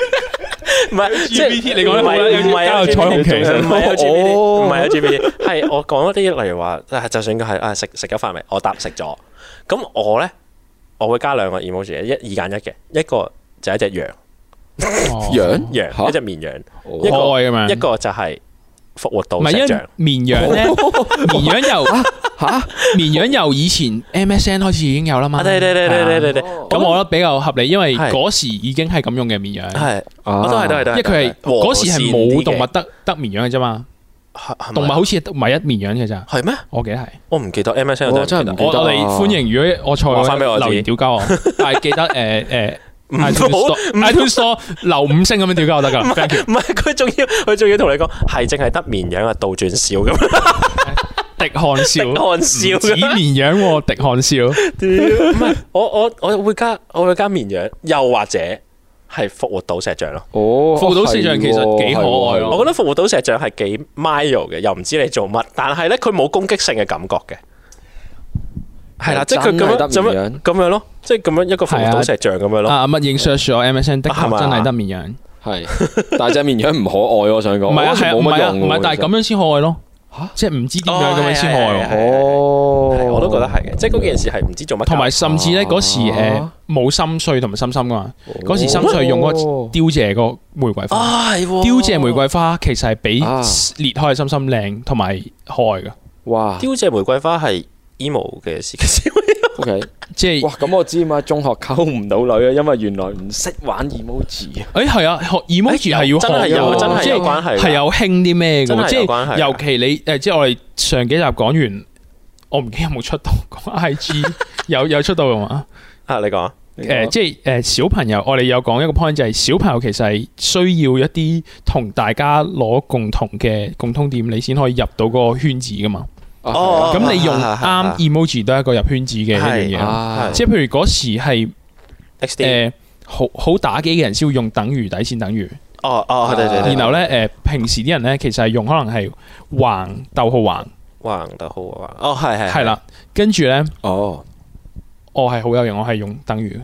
唔係，即係是你講咧，唔係啊！彩虹旗，唔係我，唔係啊！GBT，係我講一啲例如話，就算佢係啊食食咗飯未，我答食咗，咁我咧，我會加兩個 emoji，一二揀一嘅，一個就一隻羊，羊、哦、 (laughs) 羊，羊哈一隻綿羊，可愛㗎嘛，一個就係、是。復活度綿羊咧，綿羊由吓，綿羊由以前 MSN 開始已經有啦嘛。對對對對對對，咁我覺得比較合理，因為嗰時已經係咁用嘅綿羊，係，都係都係都係，因為佢係嗰時係冇動物得得綿羊嘅啫嘛，動物好似唔係一綿羊嘅咋。係咩？我記得係，我唔記得 MSN，我真係唔記得。歡迎如果我錯，翻俾我留言屌鳩我，但係記得誒誒。唔係，矮 two so 留五星咁樣調教得噶，唔係佢仲要佢仲要同你講，係淨係得綿羊呀倒轉笑咁，滴汗笑，滴汗笑，紫綿羊，滴汗笑，唔係，我我我會加，我會加綿羊，又或者係復活島石像咯，哦，復活島石像其實幾可愛咯，我覺得復活島石像係幾 mild 嘅，又唔知你做乜，但係咧佢冇攻擊性嘅感覺嘅。係啦，即係佢咁樣咁樣咯，即係咁樣一個浮島石像咁樣咯。啊，乜 research 咗 M S N 的確真係得綿羊，係，但係隻綿羊唔可愛喎，我想講唔係啊，係啊，唔係，但係咁樣先可愛咯。吓，即係唔知點樣咁樣先可愛。哦，我都覺得係嘅，即係嗰件事係唔知做乜。同埋甚至咧嗰時誒冇心碎同埋心心噶嘛，嗰時心碎用個凋謝個玫瑰花。啊，係，凋謝玫瑰花其實係比裂開心心靚同埋開噶。哇，凋謝玫瑰花係。嘅 OK 即係哇！咁我知嘛，中學溝唔到女啊，因為原來唔識玩 emoji 啊。誒、欸，係啊，學 emoji 係要真、欸、有，即係係有興啲咩即係尤其你誒、呃，即係我哋上幾集講完，我唔記得有冇出到，IG (laughs) 有有出到用嘛？ (laughs) 啊，你講，誒、呃，即係誒、呃，小朋友，我哋有講一個 point 就係、是、小朋友其實係需要一啲同大家攞共同嘅共通點，你先可以入到嗰個圈子噶嘛。哦，咁你用啱 emoji 都係一個入圈子嘅一樣嘢，即係譬如嗰時係，誒，好好打機嘅人先會用等於底線，等於，哦哦，然後咧誒，平時啲人咧，其實係用可能係橫逗號橫，橫逗號橫，哦係係係啦，跟住咧，哦，我係好有用，我係用等於，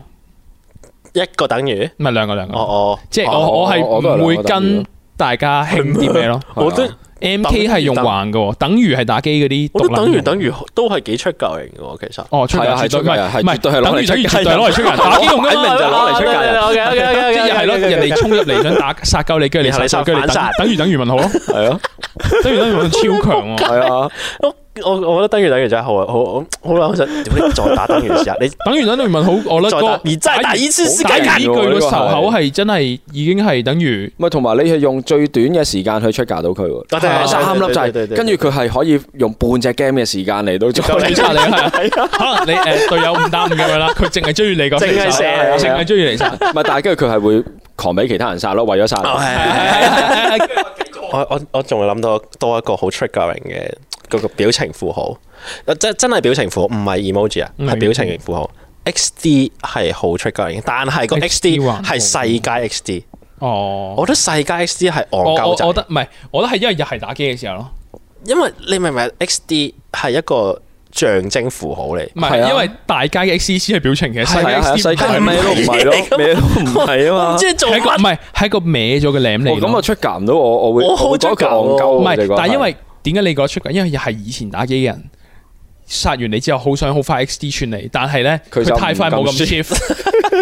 一個等於，唔係兩個兩個，哦哦，即係我我係唔會跟大家興啲咩咯，我真。M K 係用橫嘅，等於係打機嗰啲，都等於等於都係幾出格人嘅，其實。哦，出啊，係，唔係，唔係，絕等於等於絕對攞嚟出格人，打機用嘅名就攞嚟出格人。係咯，人哋衝入嚟想打殺夠你，跟住你殺，跟住你等，等於等於文豪咯，係咯，等於等於超強啊，係啊。我我覺得等於等於就係好啊，好，好啦，我想點解再打等於時間？你等於等於問好，我覺得而再打一次，打呢句個仇口係真係已經係等於咪同埋你係用最短嘅時間去出嫁到佢，但係三粒就係跟住佢係可以用半隻 game 嘅時間嚟到。你可能你誒隊友唔打唔咁樣啦，佢淨係追住你個射，淨係追住你殺。咪但係跟住佢係會狂俾其他人殺咯，為咗殺。我我我仲會諗到多一個好 tricking 嘅。個表情符號，即真係表情符號，唔係 emoji 啊，係表情符號。X D 係好出格，但係個 X D 係世界 X D。哦，我覺得世界 X D 係憨鳩仔。唔係，我都係因為日係打機嘅時候咯。因為你明唔明？X D 係一個象徵符號嚟，唔係因為大街嘅 X C C 係表情嘅，世界世界咩都唔係咯，咩都唔係啊嘛。即係做唔係喺個歪咗嘅舐嚟。咁啊出格唔到，我我會我好出格，唔係，但因為。點解你講出緊？因為又係以前打機嘅人，殺完你之後好想好快 X D 串嚟。但係咧佢太快冇咁舒服，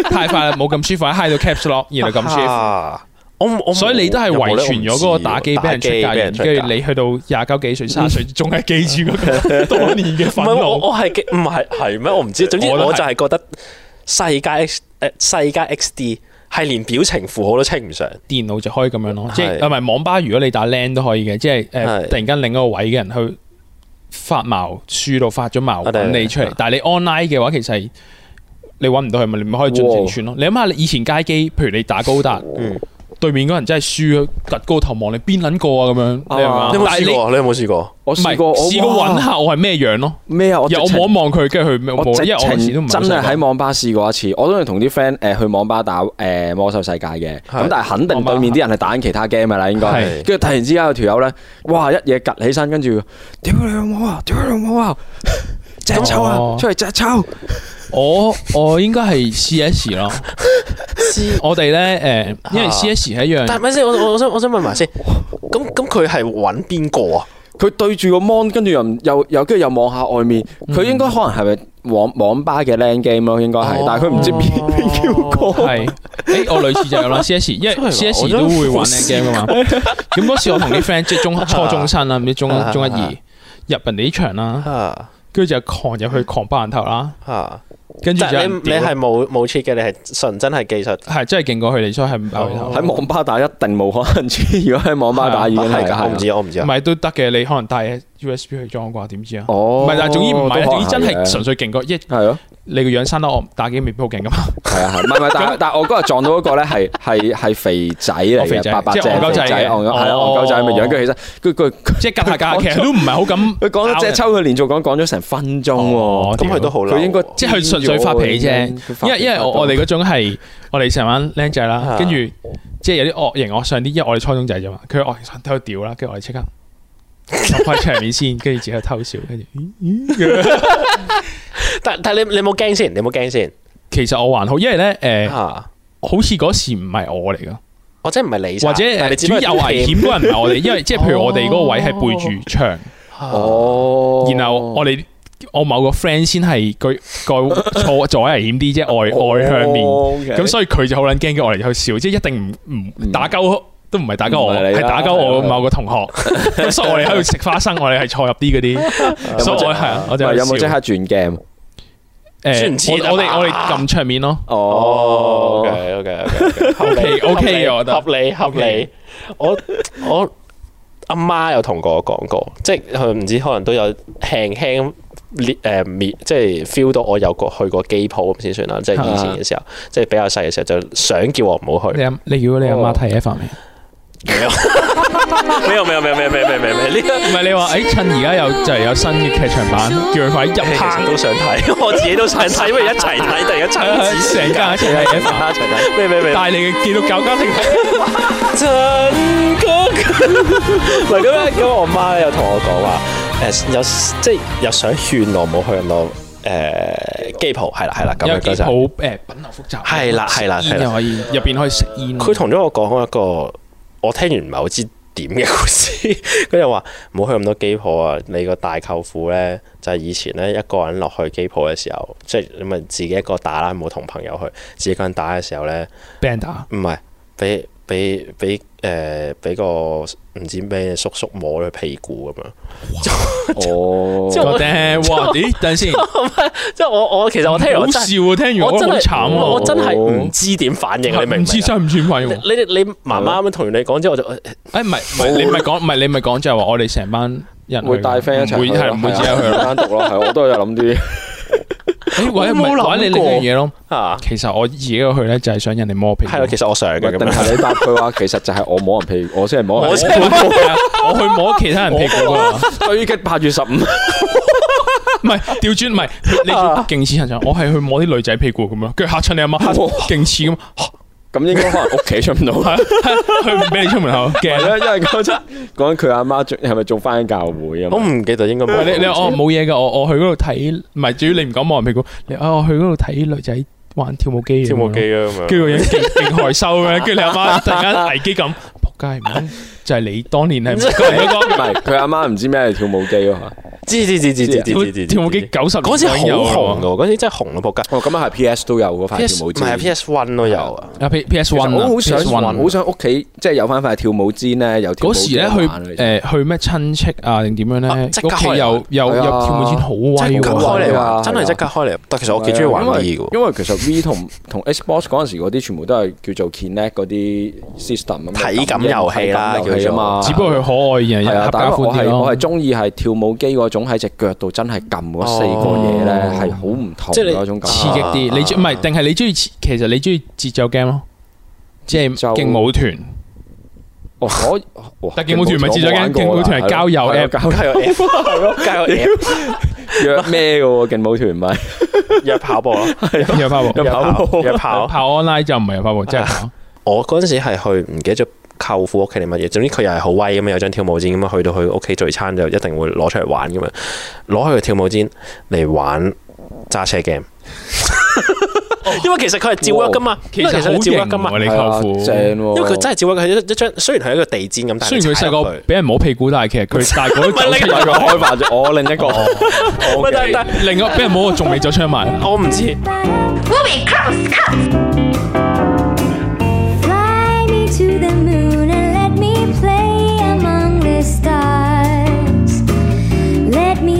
太快冇咁舒服，喺 high 到 caps lock，然後咁舒服。我我所以你都係遺傳咗嗰個打機俾人出界，跟住你去到廿九幾歲、三十歲，仲係 (laughs) 記住嗰個多年嘅。唔係我我係唔係係咩？我唔知，總之我，我就係覺得世界 X 誒、呃，世界 X D。係連表情符號都稱唔上，電腦就可以咁樣咯，是即係唔係網吧？如果你打 LAN 都可以嘅，即係誒，呃、是突然間另一個位嘅人去發毛，輸到發咗毛，咁你出嚟，的但係你 online 嘅話，其實你搵唔到佢咪，你咪可以盡情串咯。哇你諗下，以前街機，譬如你打高達哇對面嗰人真係輸啊，突高頭望你邊捻個啊咁樣，你有冇試過？你有冇試過？我試過，試過搵下我係咩樣咯。咩啊？有我望佢，跟住佢我一程真係喺網吧試過一次。我都係同啲 friend 誒去網吧打誒魔獸世界嘅。咁但係肯定對面啲人係打緊其他 game 啦，應該。跟住突然之間有條友咧，哇一嘢岌起身，跟住屌你老母啊！屌你老母啊！賊抽啊！出嚟賊抽！我我應該係 C.S 咯， (laughs) 我哋咧誒，因為 C.S 係一樣。但係咪先？我我想我想問埋先，咁咁佢係搵邊個啊？佢對住個 mon，跟住又又又跟住又望下外面，佢、嗯、應該可能係咪網網吧嘅 LAN game 咯？嗯、應該係，但係佢唔知邊叫個係。誒，我類似就有啦，C.S，因為 CS, 因為 C.S 都會玩 LAN game 啊嘛。咁嗰時我同啲 friend 即係中初中生啦，唔知中中一二入人哋場啦，跟住就狂入去狂爆人頭啦。跟住你你係冇冇切嘅，你係純真係技術係真係勁過佢哋，所以係五百回合喺網吧打，一定冇可能切， (laughs) 如果喺網吧打已經係我唔知，嗯、我唔知，唔係都得嘅，你可能帶。USB 去裝啩？點知啊？哦，唔係，但係總之唔係，總之真係純粹勁過一，係咯，你個樣生得我打機未必好勁噶嘛。係啊，係，唔係唔係，但係但係我嗰日撞到一個咧係係係肥仔嚟嘅，白白隻憨狗仔，憨狗仔咪養佢起身，佢佢即係今日假期其實都唔係好敢。佢講即係抽佢連續講講咗成分鐘喎，咁佢都好啦。佢應該即係純粹發脾啫，因因為我哋嗰種係我哋成班僆仔啦，跟住即係有啲惡型惡相啲，因為我哋初中仔啫嘛。佢惡上喺度屌啦，跟住我哋即刻翻場面先，跟住只喺偷笑，跟住，但但你你冇驚先，你冇驚先。其實我還好，因為咧，誒，好似嗰時唔係我嚟噶，或者唔係你，或者主要有危險嗰人唔係我哋，因為即係譬如我哋嗰位係背住牆，哦，然後我哋我某個 friend 先係個個坐坐位危險啲，即係外外向面，咁所以佢就好撚驚嘅，我哋去笑，即係一定唔唔打交。都唔係打鳩我，係打鳩我某個同學。所以我哋喺度食花生，我哋係坐入啲嗰啲。所係啊，我就有冇即刻轉 game？我哋我哋撳桌面咯。哦，ok ok ok ok，合理合理。我我阿媽有同我講過，即係佢唔知可能都有輕輕誒即係 feel 到我有過去過機鋪先算啦。即係以前嘅時候，即係比較細嘅時候，就想叫我唔好去。你你如果你阿媽睇嘢發未？Tipp ett ings 沒有， (laughs) 沒有，沒有，沒有，沒有，沒有，沒有呢個唔係你話，誒趁而家有就係有新嘅劇場版，叫佢快入行都想睇，我自己都想睇，因為一齊睇，突然一齊成家一齊睇，一齊睇，咩咩咩，帶嚟見到九家庭。陳哥哥，唔係咁樣，咁我媽又同我講話，誒，有即係又想勸我唔好去咁多，誒，機鋪係啦係啦，因為機鋪誒品流複雜，係啦係啦，食煙又可以，入邊可以食煙。佢同咗我講一個。我聽完唔係好知點嘅故事 (laughs) 佢就話唔好去咁多機鋪啊！你個大舅父呢，就係以前呢，一個人落去機鋪嘅時候，即係你咪自己一個打啦，冇同朋友去，自己一個人打嘅時候呢，俾人打？唔係俾俾俾誒俾個。唔知俾叔叔摸佢屁股咁樣，哦，我哋，哇，咦，等先，即係我我其實我聽完好笑啊，聽完我真係慘我真係唔知點反應啊，你明知真係唔算反應。你你媽媽咁同你講之後就，誒，唔係，你唔係講，唔係你唔係講，即係話我哋成班人會帶 friend 一齊係，唔會自己去單獨咯，係我都有諗啲。誒，搵唔搵你另一樣嘢咯？啊，其實我自己去咧就係想人哋摸我屁股。係咯，其實我想嘅咁樣。但係你答佢話，其實就係我摸人屁股。我先係摸人屁股。我去摸其他人屁股㗎嘛。對嘅，八月十五。唔係，調轉唔係，你勁似人長，我係去摸啲女仔屁股咁樣，跟住嚇親你阿媽，勁似咁。咁應該可能屋企出唔到啦，佢唔俾你出門口。其實咧，因為講出講佢阿媽，媽做，係咪做翻教會啊？ (laughs) 我唔記得應該冇說。你你我冇嘢嘅，我我去嗰度睇，唔係主要你唔講望人屁股。你啊，我去嗰度睇女仔玩跳舞機。跳舞機啊，跟住這樣 又勁害羞嘅。跟住 (laughs) 你阿媽，媽突然間危機咁仆街。唔 (laughs) 就係你當年係唔係佢阿媽唔知咩係跳舞機啊嘛？知知知知知，跳舞機九十嗰陣時好紅嘅喎，嗰時真係紅咯，撲街。哦，咁啊係 PS 都有嗰塊跳舞氈，唔係 PS One 都有啊。PS One，好想好想屋企即係有翻塊跳舞氈咧，有嗰時咧去咩親戚啊定點樣咧？屋企又又有跳舞機好威，開嚟真係即刻開嚟玩。但其實我幾中意玩啲嘅喎，因為其實 V 同同 Xbox 嗰陣時嗰啲全部都係叫做 Kinect 嗰啲 system 啊，體感遊戲啦。啫嘛，只不過佢可愛嘅，係啊，大家我係我係中意係跳舞機嗰種喺隻腳度真係撳嗰四個嘢咧，係好唔同。即係你刺激啲，你中唔係？定係你中意？其實你中意節奏 game 咯，即係勁舞團。我但勁舞團咪節奏 game，勁舞團係交友 app，交友 app 係咯，交友 app 咩嘅勁舞團咪約跑步啊，係約跑步，約跑步，約跑跑 online 就唔係約跑步啫。我嗰陣時係去唔記得咗。舅父屋企嚟乜嘢？總之佢又係好威咁啊！有張跳舞墊咁啊，去到佢屋企聚餐就一定會攞出嚟玩咁啊！攞開個跳舞墊嚟玩揸車 game，因為其實佢係照郁㗎嘛，其實佢照郁㗎嘛，你舅父，因為佢真係照郁。佢一張雖然係一個地墊咁，雖然佢細個俾人摸屁股，但係其實佢但係嗰啲走出來佢開發咗。我另一個，另一個俾人摸，仲未走出埋。我唔知。